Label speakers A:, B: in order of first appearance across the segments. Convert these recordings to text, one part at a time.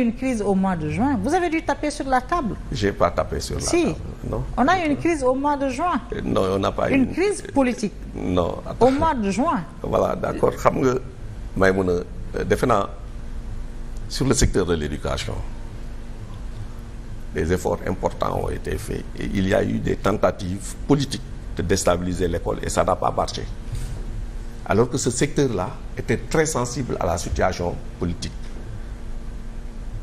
A: une crise au mois de juin. Vous avez dû taper sur la table. J'ai pas tapé sur la table. On a eu une crise au mois de juin. Non, on n'a pas une. crise politique. Non. Attends. Au mois Voilà, d'accord. Xam nga Maïmouna euh, defe naa sur le secteur de l'éducation des efforts importants ont été faits et il y a eu des tentatives politiques de déstabiliser l'école et ça n'a pas marché. Alors que ce secteur-là était très sensible à la situation politique.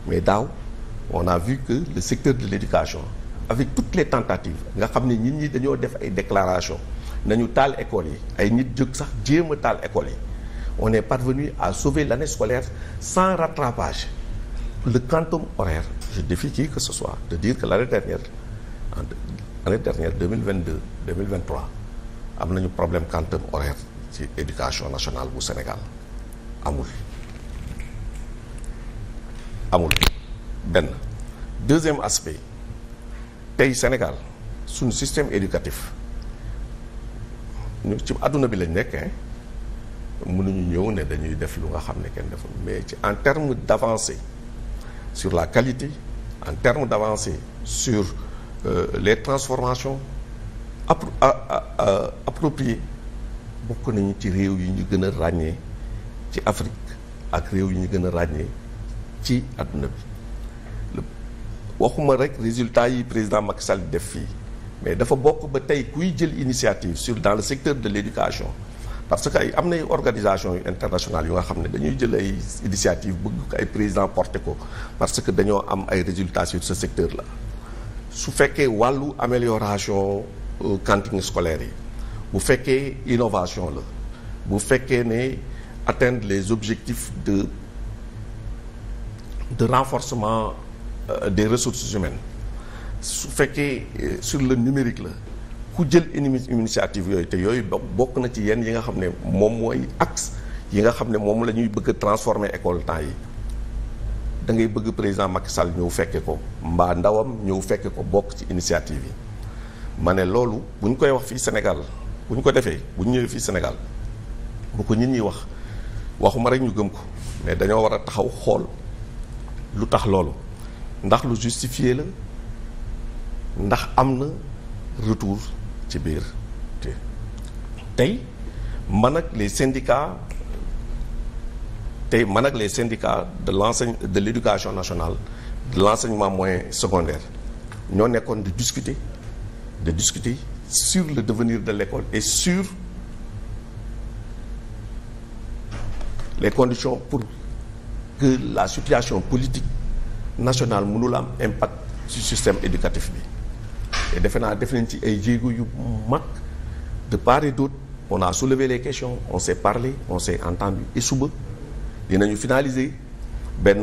A: mais daaw on a vu que le secteur de l'éducation avec toutes les tentatives nga xam ne nit ñi dañoo def ay déclarations nañu taal école yi ay nit jóg sax jéema taal école yi on est parvenu à sauver l'année scolaire sans rattrapage le quantum horaire je défie qui que ce soit de dire que l'année dernière l'année dernière 2022 2023 am nañu problème quantum horaire ci éducation nationale bu Sénégal amul amul benn deuxième aspect tey Sénégal suñu système éducatif ñu ci àdduna bi lañ nekk mënuñu ñëw ne dañuy def lu nga xam ne kenn deful mais ci en terme d'avancée sur la qualité en terme d'avancée sur euh, les transformations appro appropriées bokk nañu ci réew yi ñu gën a ràññee ci Afrique ak réew yi ñu gën a ràññee ci àdduna bi waxuma rek résultat yi président Macky Sall def fii mais dafa bokk ba tey kuy jël initiative sur dans le secteur de l'éducation parce que ay am na ay organisation yu internationale yu nga xam ne dañuy jël ay initiative bëgg ay président porté ko parce que dañoo am ay résultats sur ce secteur là su fekkee wàllu amélioration cantines euh, scolaires yi bu fekkee innovation la bu fekkee ne attendre les objectifs de de renforcement euh, des ressources humaines su fekkee euh, sur le numérique la ku jël initiative yooyu te yooyu bokk na ci yenn yi nga xam ne moom mooy axe yi nga xam ne moom la ñuy bëgg a transformer école temps yi da ngay bëgg président Macky Sall ñëw fekke ko mbaa ndawam ñëw fekke ko bokk ci initiative yi ma ne loolu bu ñu koy wax fii Sénégal bu ñu ko defee bu ñu ñëwee fii Sénégal bu ko nit ñi wax waxuma rek ñu gëm ko mais dañoo war a taxaw xool lu tax loolu ndax lu justifié la ndax am na retour ci biir tey man ak les syndicats tey man ak les syndicats de l'enseigne de l'éducation nationale de l'enseignement moyen secondaire ñoo nekkoon de discuter de discuter sur le devenir de l'école et sur les conditions pour que la situation politique nationale mënul am impact ci système éducatif bi defe naa def nañ ci ay jéego yu mag de par et d'autre on a soulevé question on s'est parlé on s'est entendu et suba dinañu finaliser benn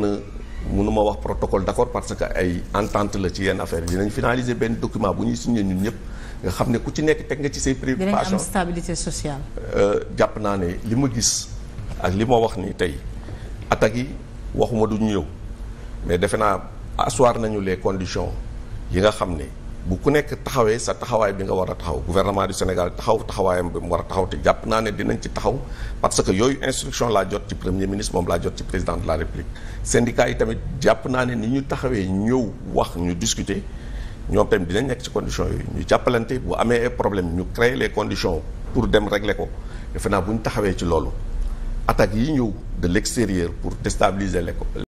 A: mënuma wax protocole d'accord parce que ay entente la ci yenn affaire dinañ finaliser benn document bu ñuy signé ñun ñëpp nga xam ne ku ci nekk teg nga ci say préoccupation dinañ am stabilité sociale. Euh, jàpp naa ne li ma gis ak li ma wax ni tey. attaques yi waxuma duñ ñëw mais defe naa asseoir nañu les condition yi nga xam ne bu ku nekk taxawee sa taxawaay bi nga war a taxaw gouvernement du Sénégal taxaw taxawaayam bi mu war a taxaw te jàpp naa ne dinañ ci taxaw parce que yooyu instruction laa jot ci premier ministre moom laa jot ci président de la république syndicats yi tamit jàpp naa ne ni ñu taxawee ñëw wax ñu discuter ñoom tamit dinañ nekk ci conditions yi ñu jàppalante bu amee ay problème ñu créer les conditions pour dem régler ko defe naa bu taxawee ci loolu attaques yi ñëw de l'extérieur pour le l'école